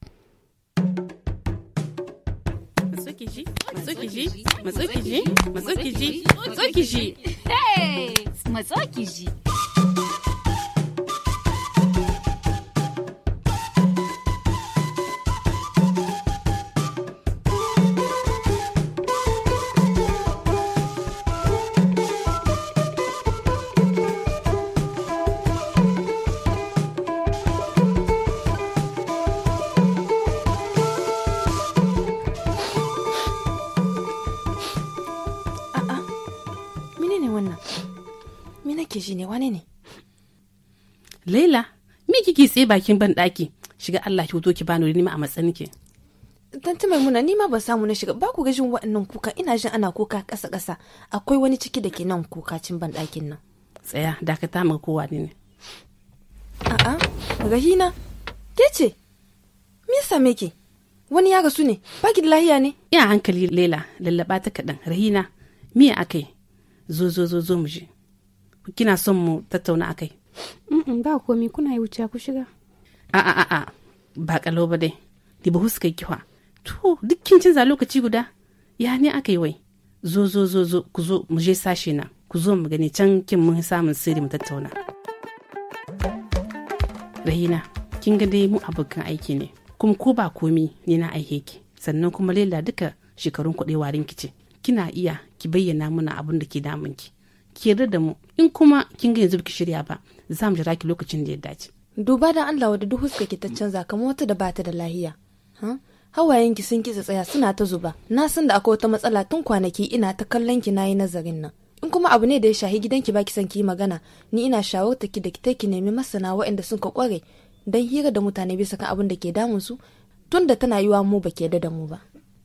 nake ji ne wane ne laila me kike tsaye bakin ban daki shiga Allah ki hoto ki bani wuri a matsayin ki tanti maimuna ni ma ban samu na shiga ba ku ga jin waɗannan kuka ina jin ana kuka ƙasa ƙasa akwai wani ciki da ke nan kuka cin ban ɗakin nan tsaya dakata min kowa ne a'a rahina ke ce me yasa me ke wani ya gasu ne ki da lahiya ne ina hankali lela lallaba ta kaɗan rahina miya akai zo zo zo zo mu je kina son mu tattauna akai ba komi kuna yi wuce ku shiga a a a ba kalo ba dai da ba huska kiwa to duk kin canza lokaci guda ya ne aka yi wai zo zo zo zo ku zo mu je sashe na ku zo mu gani can kin mun samun sirri mu tattauna rahina kin ga dai mu abokan aiki ne kuma ko ba komi ne na aike ki sannan kuma lela duka shekarun kuɗi warin ki ce kina iya ki bayyana mana abin da ke damun ki ke da da mu in kuma kin ga yanzu baki shirya ba za mu jira ki lokacin da ya dace duba da Allah wadda duk huska ki ta canza kamar wata da bata da lahiya hawayen ki sun kisa tsaya suna ta zuba na san da akwai wata matsala tun kwanaki ina ta kallon ki yi nazarin nan in kuma abu ne da ya shahi ki baki son ki magana ni ina shawarta ki da ki ki nemi masana waɗanda sun ka kware don hira da mutane bisa kan abin da ke damun su tun da tana yiwa mu ba ke da mu ba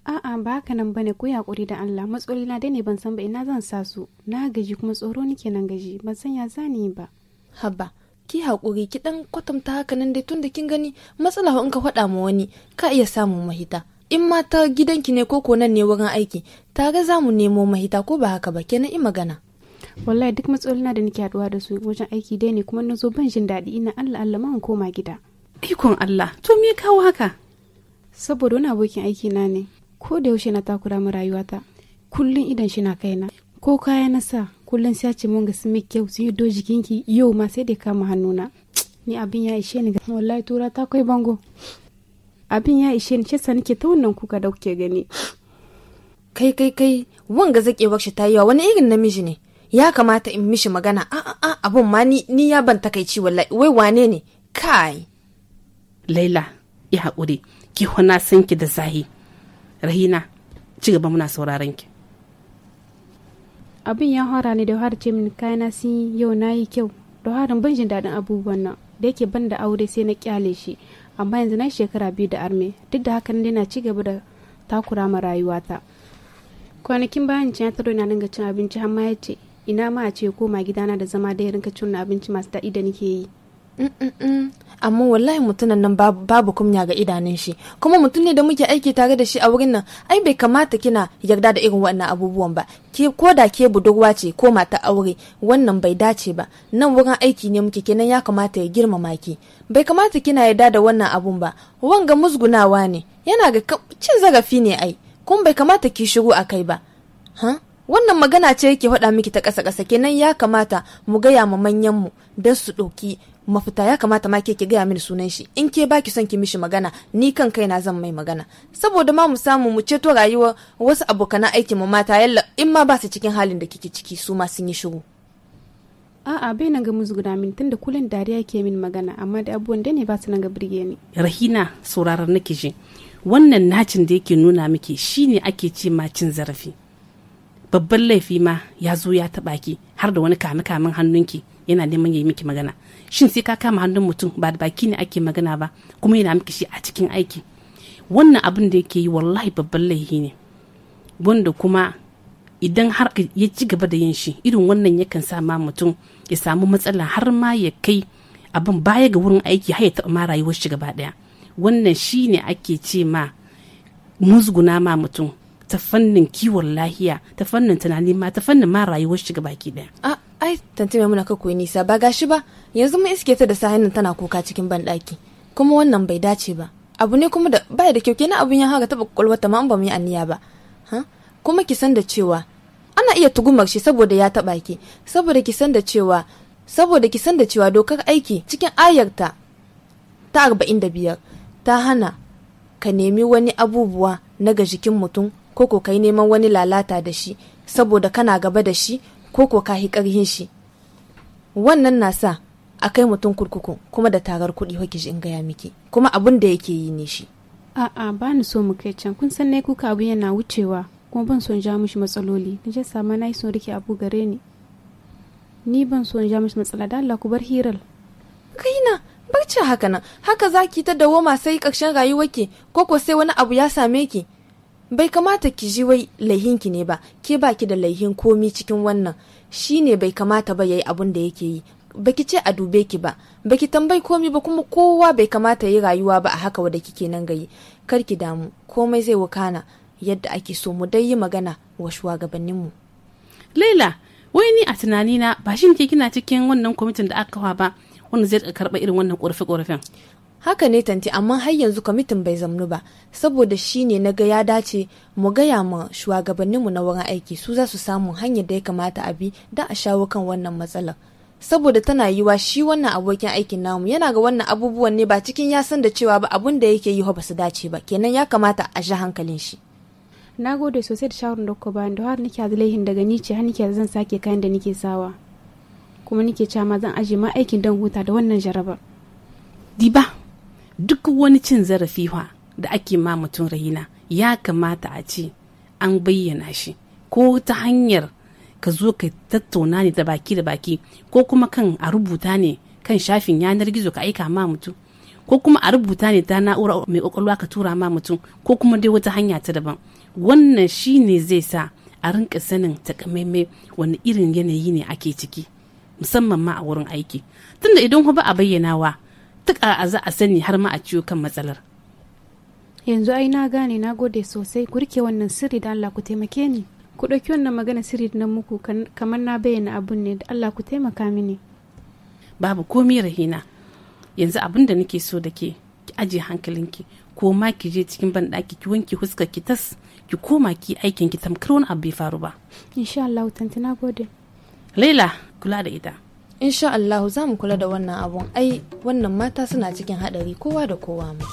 a'a ba haka nan bane ko yakuri da Allah matsaloli na dai ne ban san ba ina zan sa su na gaji kuma tsoro nake nan gaji ban san ya zani ba habba ki hakuri ki dan kwatanta haka nan dai tunda kin gani matsala in ka faɗa ma wani ka iya samun mahita in ma ta gidanki ne ko nan ne wurin aiki tare za mu nemo mahita ko ba haka ba kenan i magana wallahi duk na da nake haduwa da su wajen aiki dai ne kuma na zo ban jin daɗi ina Allah Allah ma koma gida. Ikon Allah, to me kawo haka? Saboda wani abokin aiki na ne, ko da yaushe na takura mu rayuwata kullun idan shi na kaina ko kaya na sa kullun sai ce mun ga su mai kyau su yi do jikinki yau ma sai dai kama hannuna ni abin ya ishe ni wallahi tura ta kai bango abin ya ishe ni ce sa nake ta wannan kuka da kuke gani kai kai kai wanga zake wakshi ta yi wani irin namiji ne ya kamata in mishi magana a a a abun ma ni ni ya ban takaici wallahi wai wane ne kai laila ya haƙuri ki hona sanki da zahi rahina ci gaba muna sauraron ki abin ya hora ne da har ce min kayana sun yau na yi kyau da harin ban jin daɗin abubuwan nan da yake ban da aure sai na kyale shi amma yanzu na shekara biyu da arme duk da hakan dai na ci gaba da takura ma rayuwata kwanakin bayan cin ya taro na dinga cin abinci har ma ya ce ina ma a ce koma gidana da zama da ya rinka cin abinci masu daɗi da nake yi amma wallahi mutumin nan babu kumya ga idanun shi kuma mutum ne da muke aiki tare da shi a wurin nan ai bai kamata kina yarda da irin wannan abubuwan ba ke ko da ke budurwa ce ko mata aure wannan bai dace ba nan wurin aiki ne muke kenan ya kamata ya girmama ki bai kamata kina yarda da wannan abun ba wanga musgunawa ne yana ga cin zarafi ne ai kuma bai kamata ki shiru a kai ba ha wannan magana ce yake faɗa miki ta ƙasa ƙasa kenan ya kamata mu gaya ma manyanmu don su ɗauki mafita ya kamata ma ke ki gaya mini sunan shi in ke baki son ki mishi magana ni kan kai na zan mai magana saboda ma mu samu mu ceto rayuwar wasu abokanan aikin mu mata yalla in ma ba su cikin halin da kike ciki su ma sun yi shiru a'a bai nan ga mu guda min tunda kullun dariya ke min magana amma da abubuwan da ne ba su nan ga birge ni rahina sauraron nake ji wannan nacin da yake nuna miki shine ake ce ma cin zarafi babban laifi ma ya zo ya taba ki har da wani kame hannun hannunki yana neman ya yi miki magana shin sai ka kama hannun mutum ba da baki ne ake magana ba kuma yana miki shi a cikin aiki wannan abin da yake yi wallahi babban laifi ne wanda kuma idan har ya ci gaba da yin shi irin wannan yakan sa ma mutum ya samu matsala har ma ya kai abin baya ga wurin aiki har ya taɓa ma rayuwar shi gaba ɗaya wannan shi ne ake ce ma musguna ma mutum ta fannin kiwon lahiya ta fannin tunani ma ta fannin ma rayuwar shi gaba ki ai tanti mai muna ka koyi nisa ba gashi ba yanzu mun iske ta da sahin tana kuka cikin banɗaki kuma wannan bai dace ba abu ne kuma da baya da kyau kenan abin ya haka taba kwakwalwarta ma ba mu yi aniya ba kuma ki san da cewa ana iya tugumar shi saboda ya taba ki saboda ki san da cewa saboda ki san da cewa dokar aiki cikin ayarta ta arba'in da biyar ta hana ka nemi wani abubuwa na ga jikin mutum ko ko kai neman wani lalata da shi saboda kana gaba da shi ko ko yi karhin shi wannan na sa a kai mutum kurkuku kuma da tarar kuɗi hoki in gaya miki kuma abin da yake yi ne shi a'a ba ni so mu kai can kun san ne kuka abin yana wucewa kuma ban son ja mishi matsaloli na je sama na yi son rike abu gare ni ni ban son ja mishi matsala da Allah ku bar hirar kaina barci haka nan haka zaki ta dawo ma sai ƙarshen rayuwarki ko ko sai wani abu ya same ki bai kamata ki ji wai laihinki ne ba ke baki da laihin komi cikin wannan shi ne bai kamata ba yayi abun da yake yi baki ce a dube ki ba baki tambayi komi ba kuma kowa bai kamata yi rayuwa ba a haka wadda kike nan gayi kar ki damu komai zai wakana yadda ake so mu dai yi magana wa mu laila wai ni a tunani na ba shi ne kina cikin wannan kwamitin da aka kawa ba wanda zai karɓa irin wannan ƙorafe-ƙorafen haka ne tanti amma har yanzu kwamitin bai zamnu ba saboda shi ne na ga ya dace mu gaya ma shugabanninmu na wurin aiki su za su samu hanyar da ya kamata a bi don a shawo kan wannan matsalar saboda tana yiwa shi wannan abokin aikin namu yana ga wannan abubuwan ne ba cikin ya san da cewa ba abun da yake yi ba su dace ba kenan ya kamata a ji hankalin shi na gode sosai da shawarar da kuka bayan da har nake azlehin daga ni ce har nake zan sake kayan da nake sawa kuma nake cewa ma zan ajiye ma aikin don huta da wannan jarabar diba duk wani cin zarafi da ake ma mutum ra'ina ya kamata a ce an bayyana shi ko ta hanyar ka zo ka tattauna ne da baki da baki ko kuma kan a rubuta ne kan shafin yanar gizo ka aika ma mutum ko kuma a rubuta ne ta na'ura mai kwakwalwa ka tura ma mutum ko kuma dai wata hanya ta daban wannan shi ne zai sa a rinka sanin takamaimai wani irin yanayi ne ake ciki musamman ma a wurin aiki tunda idan ba a bayyanawa matuƙa a za a sani har ma a ciwo kan matsalar yanzu ai na gane na gode sosai ku rike wannan sirri da Allah ku taimake ni ku ɗauki wannan magana sirri na muku kamar na bayyana abun ne da Allah ku taimaka mini babu komi rahina yanzu abin da nake so da ke ki aje hankalinki ko ma ki je cikin banɗaki ki wanke huska ki tas ki koma ki aikin ki tamkar wani abu bai faru ba insha Allah tanti gode Laila kula da ita insha Allahu za mu kula da wannan abun ai wannan mata suna cikin haɗari kowa da kowa mu.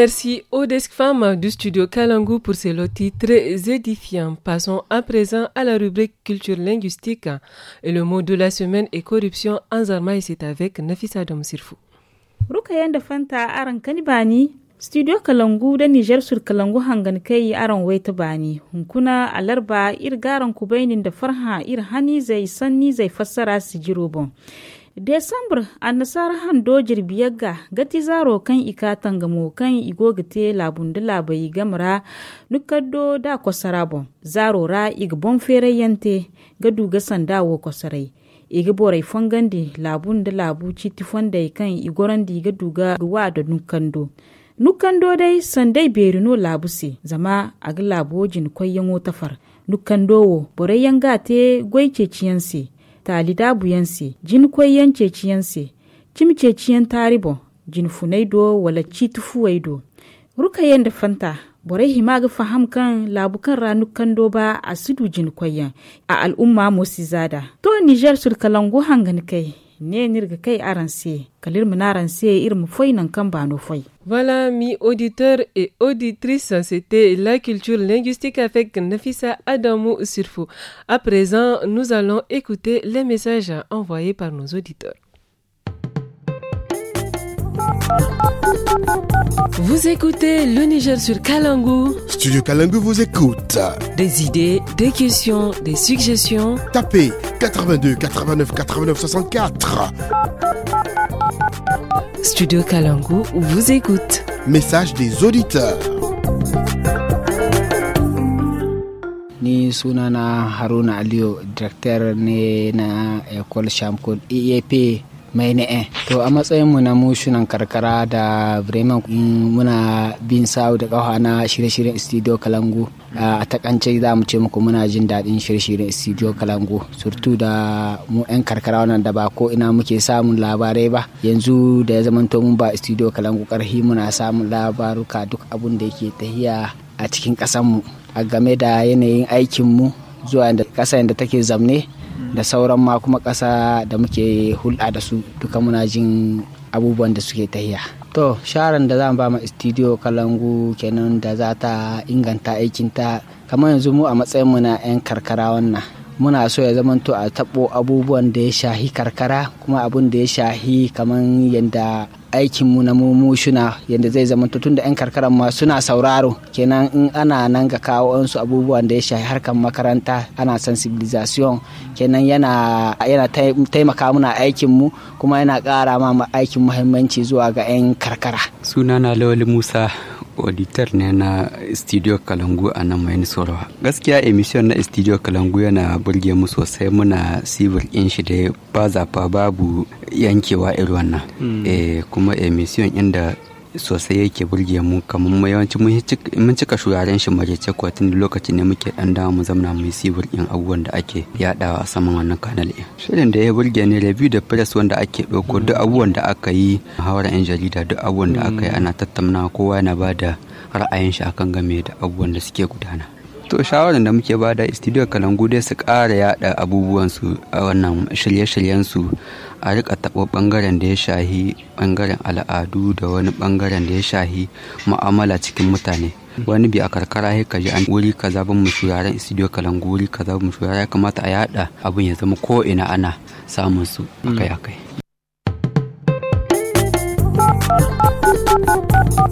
Merci aux desk femmes du studio Kalangu pour ces lotis très édifiants. Passons à présent à la rubrique culture linguistique. Et le mot de la semaine est corruption en Zarma c'est avec Nafisa Adam Sirfou. Rukayen de Fanta aran kanibani studio kalangu de Niger sur kalangu hangan kai aran waita bani hunkuna alarba ir garan kubaini da farha ir hani zai sanni zai fassara su desambr a nasar han dojir biyagga gati zaro kan ikatan ga kan labun labundu labai gamra nukaddo da kwasarabon zaro ra igbon fere yante ga duga sandawo kwasarai igi borai labun da labu citi fonda kan igorandi ga duga wa da nukando nukando dai sandai berino labuse zama a ga labojin tafar nukandowo wo borai yanga te gwaice ciyanse tali yansi jin yance ciyansi cim ciyan taribo jin funai do wala ci citufuwaido rukayen da fanta ma ga faham kan labukan ranukan ba a sudu jin koyen a al'umma mosi zada to niger surkalango hangan kai Voilà, mi auditeurs et auditrices, c'était la culture linguistique avec Nafisa Adamou Sirfo. À présent, nous allons écouter les messages envoyés par nos auditeurs. Vous écoutez le Niger sur Kalangu. Studio Kalangu vous écoute. Des idées, des questions, des suggestions. Tapez 82 89 89 64. Studio Kalangu vous écoute. Message des auditeurs. ni sunana haruna aliou directeur ne na école mai ne'e eh. to a matsayin mu na mushunan karkara da bremen mm, muna bin sau da kawo na shirye-shiryen studio kalangu a takance za mu ce muku muna jin daɗin shirye-shiryen studio kalangu surtu da mu 'yan karkara wannan da ba ko ina muke samun labarai ba yanzu da ya zamanto mun ba studio kalangu karhi muna samun labaruka duk abun da yake tahiya a cikin mu a game da yanayin aikinmu zuwa ƙasa da take zamne da sauran ma kuma ƙasa da muke hulɗa da su duka muna jin abubuwan da suke tahiya to sharan da za mu ba ma studio kalangu kenan da za ta inganta aikinta kamar yanzu mu a matsayin mu na 'yan karkara wannan muna so ya zamanto a tabo abubuwan da ya shahi karkara kuma abun da ya shahi kamar yadda aikinmu na mumushuna yadda zai zama tun da 'yan karkaran ma suna sauraro kenan in ana nan ga kawo su abubuwan da ya shafi harkar makaranta ana sensibilisation kenan yana yana taimaka muna mu kuma yana kara ma aikin muhimmanci zuwa ga 'yan karkara sunana lawali musa auditor ne na studio kalangu a nan mai nisorawa gaskiya emission na studio kalangu yana burge mu sosai muna sibir in shi da ba zafa babu yankewa irin wannan hmm. eh, kuma emission inda sosai yake burge mu kamar mu yawanci mun cika shuraren shi marece kuwa tun lokacin ne muke dan dawo mu zamna mu yi burgin abubuwan da ake yadawa a saman wannan kanal shirin da ya burge ne review da press wanda ake dauko duk abubuwan da aka yi hawara yan jarida duk abubuwan da aka yi ana tattaunawa kowa yana ba da ra'ayin shi akan game da abubuwan da suke gudana to shawarar da muke bada studio kalangu dai su kara yada abubuwan su a wannan shirye-shiryen su a rika taɓa ɓangaren da ya shahi ɓangaren al'adu da wani ɓangaren da ya shahi ma'amala cikin mutane wani bi a karkara ya kaji an wuri ka ban mu shuraren studio kalangu wuri ka ban mu shuraren kamata a yada abin ya zama ko ina ana samun su akai akai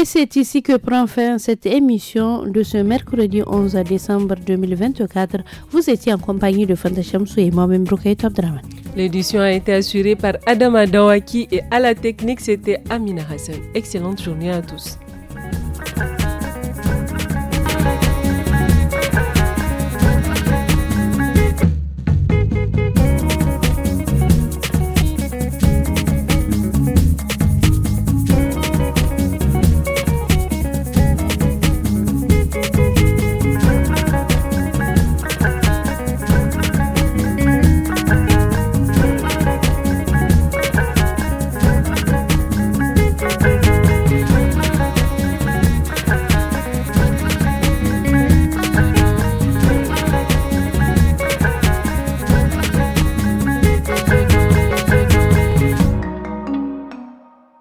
Et c'est ici que prend fin cette émission de ce mercredi 11 décembre 2024. Vous étiez en compagnie de Shamsou et moi-même Top L'édition a été assurée par Adam Dawaki et à la technique, c'était Amina Hassan. Excellente journée à tous.